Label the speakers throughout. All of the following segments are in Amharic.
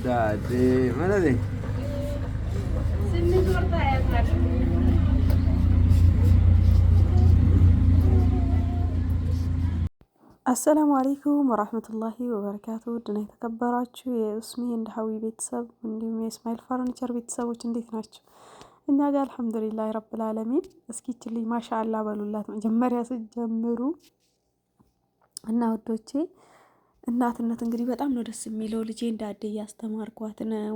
Speaker 1: ማለት
Speaker 2: አሰላሙ አሌይኩም ወራህመቱላሂ ወበረካቱ። ውድና የተከበራችሁ የኡስሚ እንደ ሀዊ ቤተሰብ እንዲሁም የእስማኤል ፈርኒቸር ቤተሰቦች እንዴት ናቸው? እኛ ጋር አልሐምዱሊላህ ረብል ዓለሚን። እስኪ ይችልኝ ማሻ አላ በሉላት መጀመሪያ ስትጀምሩ እና ውዶቼ እናትነት እንግዲህ በጣም ነው ደስ የሚለው። ልጄ እንዳዴ እያስተማርኳት ነው።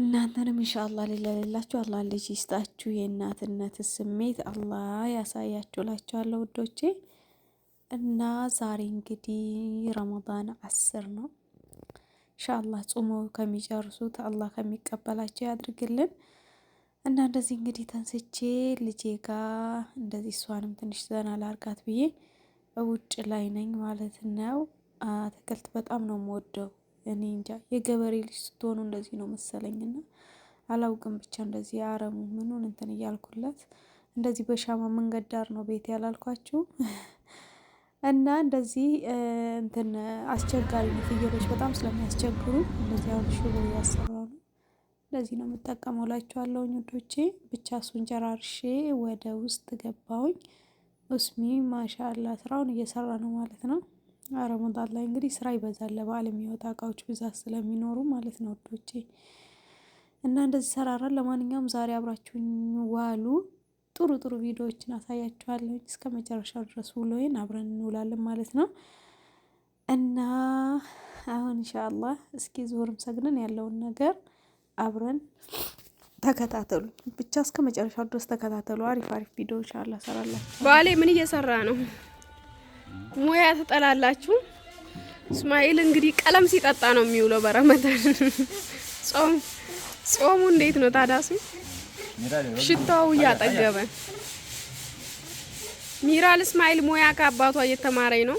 Speaker 2: እናንተንም እንሻአላ ሌላ ሌላችሁ አላ ልጅ ይስጣችሁ፣ የእናትነት ስሜት አላ ያሳያችሁ እላችኋለሁ ውዶቼ። እና ዛሬ እንግዲህ ረመዳን አስር ነው። እንሻአላ ጾሞ ከሚጨርሱት አላ ከሚቀበላቸው ያድርግልን። እና እንደዚህ እንግዲህ ተንስቼ ልጄ ጋር እንደዚህ እሷንም ትንሽ ዘና ላርጋት ብዬ ውጭ ላይ ነኝ ማለት ነው። አትክልት በጣም ነው የምወደው። እኔ እንጃ የገበሬ ልጅ ስትሆኑ እንደዚህ ነው መሰለኝና አላውቅም። ብቻ እንደዚህ አረሙ ምኑን እንትን እያልኩለት እንደዚህ በሻማ መንገድ ዳር ነው ቤት ያላልኳችሁ እና እንደዚህ እንትን አስቸጋሪ ፍየሎች በጣም ስለሚያስቸግሩ እንደዚህ አሁን ሽሮ እያሰራሁ ነው። እንደዚህ ነው የምጠቀመው ላችኋለሁ ውዶቼ። ብቻ እሱን ጨራርሼ ወደ ውስጥ ገባሁኝ። ኦስሚ ማሻላ ስራውን እየሰራ ነው ማለት ነው። ረመዳን ላይ እንግዲህ ስራ ይበዛል ለበዓል የሚወጣ እቃዎች ብዛት ስለሚኖሩ ማለት ነው ውዶቼ እና እንደዚህ ሰራራል። ለማንኛውም ዛሬ አብራችሁኝ ዋሉ። ጥሩ ጥሩ ቪዲዮዎችን አሳያችኋለሁ። እስከ መጨረሻው ድረስ ውሎዬን አብረን እንውላለን ማለት ነው እና አሁን ኢንሻአላህ እስኪ ዙሁርም ሰግነን ያለውን ነገር አብረን ተከታተሉ ብቻ እስከ መጨረሻው ድረስ ተከታተሉ። አሪፍ አሪፍ ቪዲዮዎች አላ ሰራላችሁ።
Speaker 3: ባሌ ምን እየሰራ ነው? ሙያ ተጠላላችሁ። እስማኤል እንግዲህ ቀለም ሲጠጣ ነው የሚውለው በረመዳን ጾም። ጾሙ እንዴት ነው ታዳሱ? ሽታው እያጠገበ ሚራል እስማኤል ሙያ ከአባቷ እየተማረኝ ነው።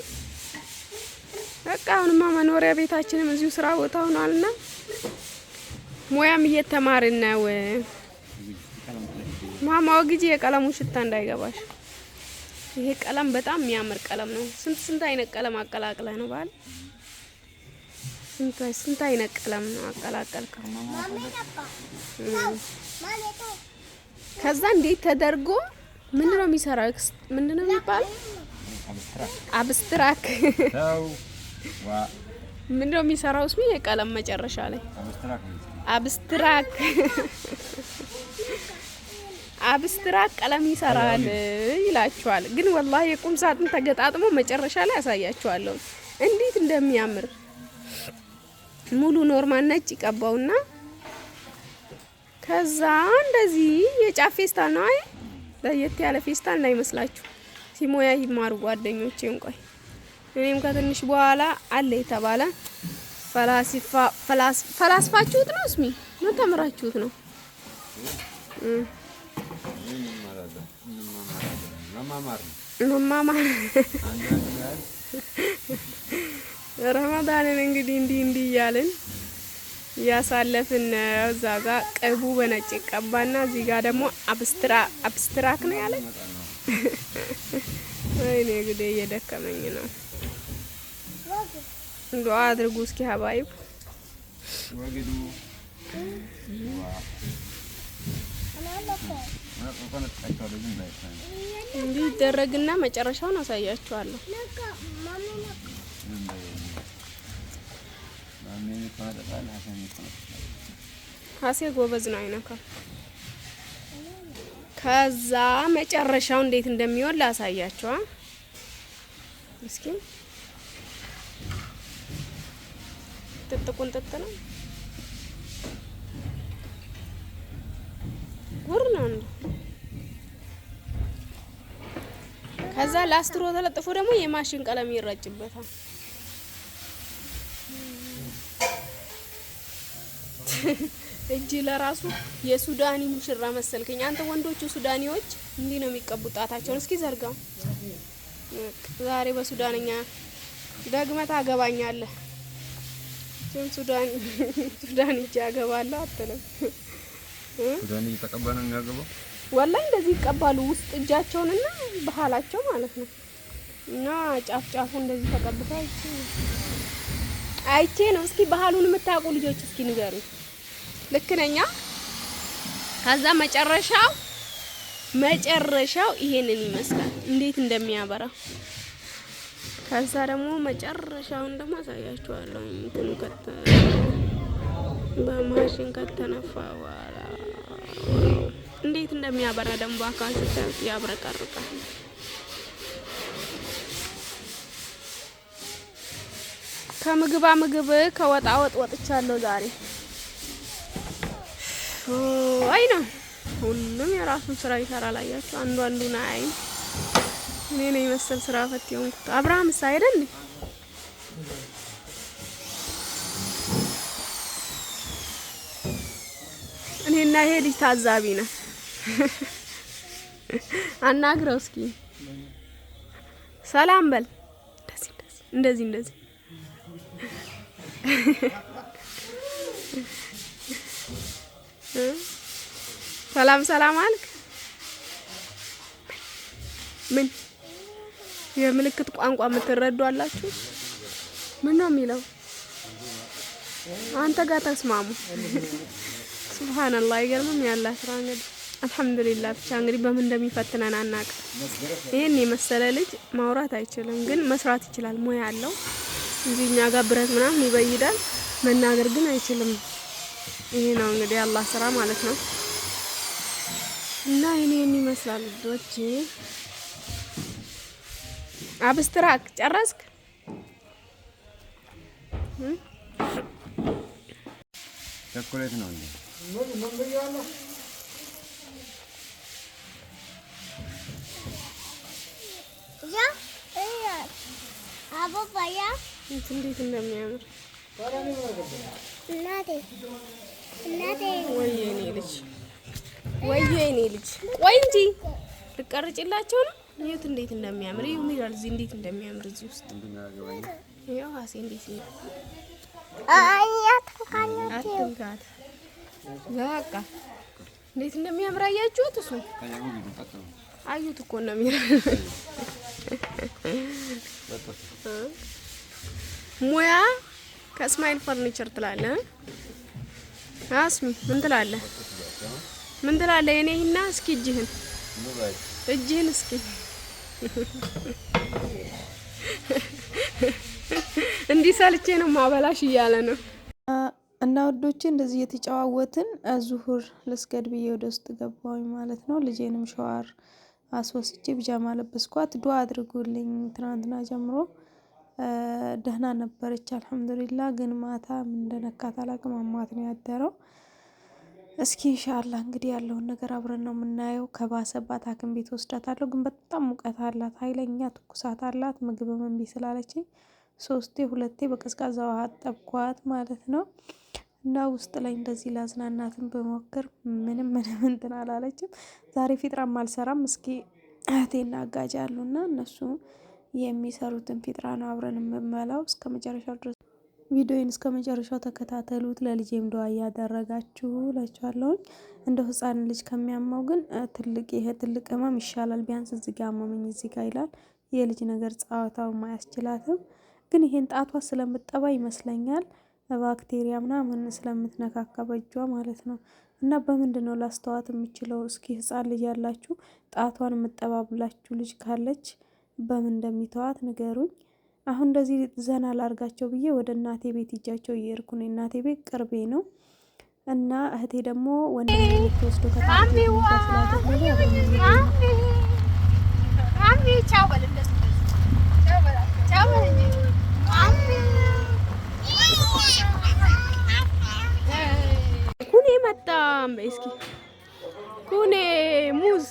Speaker 3: በቃ አሁንማ መኖሪያ ቤታችንም እዚሁ ስራ ቦታ ሆኗልና ሙያም እየተማርን ነው። ማማው ወግጂ የቀለሙ ሽታ እንዳይገባሽ። ይሄ ቀለም በጣም የሚያምር ቀለም ነው። ስንት ስንት አይነት ቀለም አቀላቅለ ነው ባል ስንት ስንት አይነት ቀለም ነው አቀላቀልከው። ከዛ እንዴት ተደርጎ ምንድን ነው የሚሰራው? ምንድን ነው የሚባለው? አብስትራክ ምንድነው የሚሰራው? ስሚ የቀለም መጨረሻ ላይ አብስትራክ አብስትራክ ቀለም ይሰራል ይላችኋል። ግን ወላሂ የቁም ሳጥን ተገጣጥሞ መጨረሻ ላይ ያሳያችኋለሁ እንዴት እንደሚያምር ሙሉ ኖርማል ነጭ ይቀባውና ከዛ እንደዚህ የጫፍ ፌስታል ነው። አይ ለየት ያለ ፌስታል እንዳይመስላችሁ ሲሞያ ይማሩ ጓደኞቼ እንቆይ እኔም ከትንሽ በኋላ አለ የተባለ ፈላስፋችሁት ነው እስሚ ምን ተምራችሁት ነው? መማማር ረመዳንን እንግዲህ እንዲህ እንዲህ እያልን እያሳለፍን እዛ ጋር ቅቡ በነጭ ቀባና እዚህ ጋር ደግሞ አብስትራክ ነው ያለን። ወይኔ ጉዴ እየደከመኝ ነው። እሱን ዱአ አድርጉ እስኪ ሀባይብ እንዲህ ይደረግና መጨረሻውን አሳያችኋለሁ። ሀሴ ጎበዝ ነው፣ አይነካም። ከዛ መጨረሻው እንዴት እንደሚሆን ላሳያችኋ እስኪ ጥጥ ቁንጥጥ ነው። ጉር ነው እንዴ! ከዛ ላስትሮ ተለጥፎ ደግሞ የማሽን ቀለም ይረጭበታል። እጅ ለራሱ የሱዳኒ ሙሽራ መሰልከኝ አንተ። ወንዶቹ ሱዳኒዎች እንዲህ ነው የሚቀቡ ጣታቸውን። እስኪ ዘርጋው። ዛሬ በሱዳንኛ ደግመህ አገባኛለህ። እሱም ሱዳን ሱዳን ሂጅ ያገባለሁ አትልም።
Speaker 1: ሱዳን እየተቀባ ነው የሚያገባው።
Speaker 3: ወላሂ እንደዚህ ይቀባሉ ውስጥ እጃቸውንና ባህላቸው ማለት ነው። እና ጫፍ ጫፉ እንደዚህ ተቀብታ አይቼ ነው። እስኪ ባህሉን የምታውቁ ልጆች እስኪ ንገሩ። ልክ ነኛ። ከዛ መጨረሻው መጨረሻው ይሄንን ይመስላል እንዴት እንደሚያበራ ከዛ ደግሞ መጨረሻውን ደግሞ አሳያችኋለሁ። እንትን ከተ በማሽን ከተነፋ በኋላ እንዴት እንደሚያበራ ደግሞ በአካል ስታዩት ያብረቀርቃል። ከምግባ ምግብ ከወጣ ወጥ ወጥቻለሁ ዛሬ። አይ ነው ሁሉም የራሱን ስራ ይሰራል። አያችሁ አንዱ አንዱን አይም እኔ ነኝ መሰል ስራ ፈት የሆንኩት። አብርሃም ሳ አይደል እኔና ይሄ ልጅ ታዛቢ ነ አናግረው እስኪ ሰላም በል። እንደዚህ እንደዚህ ሰላም ሰላም አልክ ምን የምልክት ቋንቋ የምትረዱ አላችሁ? ምን ነው የሚለው? አንተ ጋር ተስማሙ። ሱብሃንአላህ አይገርምም? ያላ ስራ እንግዲህ አልሐምዱሊላህ። ብቻ እንግዲህ በምን እንደሚፈትነን አናውቅ። ይህን የመሰለ ልጅ ማውራት አይችልም፣ ግን መስራት ይችላል። ሙያ አለው። እዚህ እኛ ጋር ብረት ምናምን ይበይዳል፣ መናገር ግን አይችልም። ይሄ ነው እንግዲህ አላህ ስራ ማለት ነው። እና ይህን ይህን ይመስላል ልጆቼ አብስትራክ ጨረስክ?
Speaker 1: ቸኮሌት ነው እንዴ?
Speaker 4: አባባያ
Speaker 3: እንዴት እንደሚያምር እናቴ እናቴ ወይኔ ልጅ ወይኔ ልጅ ቆይ እንጂ ልቀርጭላቸው ነው እዩት እንዴት እንደሚያምር ይሁን ይላል። እዚህ እንዴት እንደሚያምር እዚህ ውስጥ ይሄው አሴ እንዴት ነው
Speaker 4: አትንካት
Speaker 3: በቃ እንዴት እንደሚያምር አያችሁት እሱ አዩት እኮ ነው ሚራል ሙያ ከእስማኤል ፈርኒቸር ትላለህ አስሚ ምን ትላለህ ምን ትላለህ የኔ እና እስኪ እጅህን እጅህን እስኪ እንዲህ ሰልቼ ነው ማበላሽ እያለ ነው።
Speaker 2: እና ወዶቼ እንደዚህ እየተጨዋወትን ዙሁር ልስገድ ብዬ ወደ ውስጥ ገባሁኝ ማለት ነው። ልጄንም ሸዋር አስወስቼ ብጃማ ለበስኳት። ዱአ አድርጉልኝ። ትናንትና ጀምሮ ደህና ነበረች አልሐምዱሊላ። ግን ማታ ምን እንደነካት አላቅም፣ አሟት ነው ያደረው እስኪ እንሻላ እንግዲህ ያለውን ነገር አብረን ነው የምናየው። ከባሰባት ሐኪም ቤት ወስዳታለሁ። ግን በጣም ሙቀት አላት፣ ኃይለኛ ትኩሳት አላት። ምግብ እምቢ ስላለችኝ ሶስቴ ሁለቴ በቀዝቃዛ ውሃ ጠብኳት ማለት ነው። እና ውስጥ ላይ እንደዚህ ላዝናናትን በሞክር ምንም ምንም እንትን አላለችም። ዛሬ ፊጥራም አልሰራም። እስኪ እህቴና አጋጅ አሉና እነሱ የሚሰሩትን ፊጥራ ነው አብረን የምመላው እስከ መጨረሻው ድረስ ቪዲዮውን እስከ መጨረሻው ተከታተሉት። ለልጄም ዱዓ እያደረጋችሁ እላችኋለሁኝ። እንደ ህፃን ልጅ ከሚያማው ግን ትልቅ ይሄ ትልቅ ህመም ይሻላል። ቢያንስ እዚህ ጋር አመመኝ እዚህ ጋር ይላል። የልጅ ነገር ጸዋታው ማያስችላትም፣ ግን ይሄን ጣቷ ስለምጠባ ይመስለኛል ባክቴሪያ ምናምን ስለምትነካካ በእጇ ማለት ነው። እና በምንድን ነው ላስተዋት የምችለው? እስኪ ህፃን ልጅ ያላችሁ ጣቷን የምጠባብላችሁ ልጅ ካለች በምን እንደሚተዋት ንገሩኝ። አሁን እንደዚህ ዘና ላርጋቸው ብዬ ወደ እናቴ ቤት ይጃቸው እየሄድኩ ነው። እናቴ ቤት ቅርቤ ነው እና እህቴ ደግሞ ወንድወስዶ ወስዶ
Speaker 3: ኩኔ መጣም። እስኪ ኩኔ ሙዝ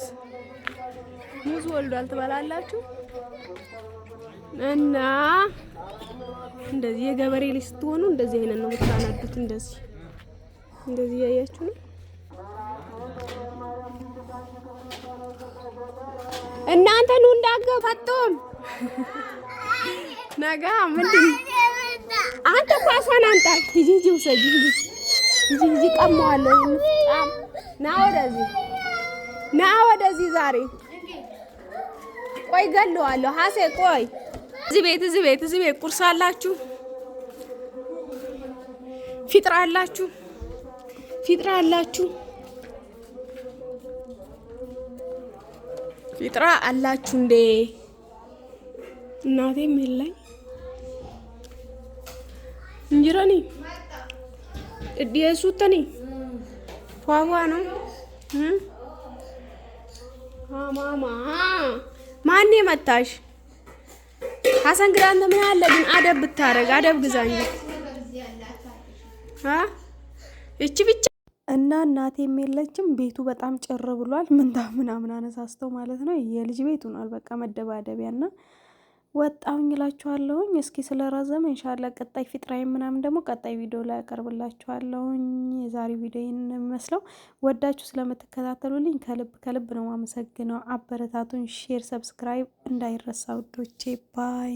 Speaker 3: ሙዝ ወልዷል ትበላላችሁ። እና እንደዚህ የገበሬ ልጅ ስትሆኑ እንደዚህ አይነት ነው የምታናዱት። እንደዚህ እንደዚህ እያያችሁ ነው። እናንተ ኑ እንዳገው ፈጡም ነጋ ምንድን አንተ ኳሷን አንጣ ሂጂ ሂጂ ውሰጂ ሂጂ ሂጂ ሂጂ ቀማዋለሁ። ና ወደዚህ ና ወደዚህ ዛሬ ቆይ ገለዋለሁ ሀሴ ቆይ እዚህ ቤት እዚህ ቤት እዚህ ቤት ቁርስ አላችሁ፣ ፊጥራ አላችሁ፣ ፊጥራ አላችሁ፣ ፊጥራ አላችሁ። እንዴ እናቴም የለኝ እንጅረኒ እድየሱተኒ ፏፏ ነው ማማ ማን መታሽ? ሀሰን ግራ አንተ ምን አለ ግን አደብ ብታረግ አደብ ግዛኝ እቺ ብቻ
Speaker 2: እና እናቴም የለችም። ቤቱ በጣም ጭር ብሏል። ምንታ ምናምን አነሳስተው ማለት ነው። የልጅ ቤት ሆኗል በቃ መደባደቢያና ወጣሁኝ እላችኋለሁኝ። እስኪ ስለ ረዘም እንሻላ ቀጣይ ፊጥራዊ ምናምን ደግሞ ቀጣይ ቪዲዮ ላይ ያቀርብላችኋለሁኝ። የዛሬ ቪዲዮ ይህን የሚመስለው ወዳችሁ ስለምትከታተሉልኝ ከልብ ከልብ ነው አመሰግነው። አበረታቱን። ሼር፣ ሰብስክራይብ እንዳይረሳ ውዶቼ ባይ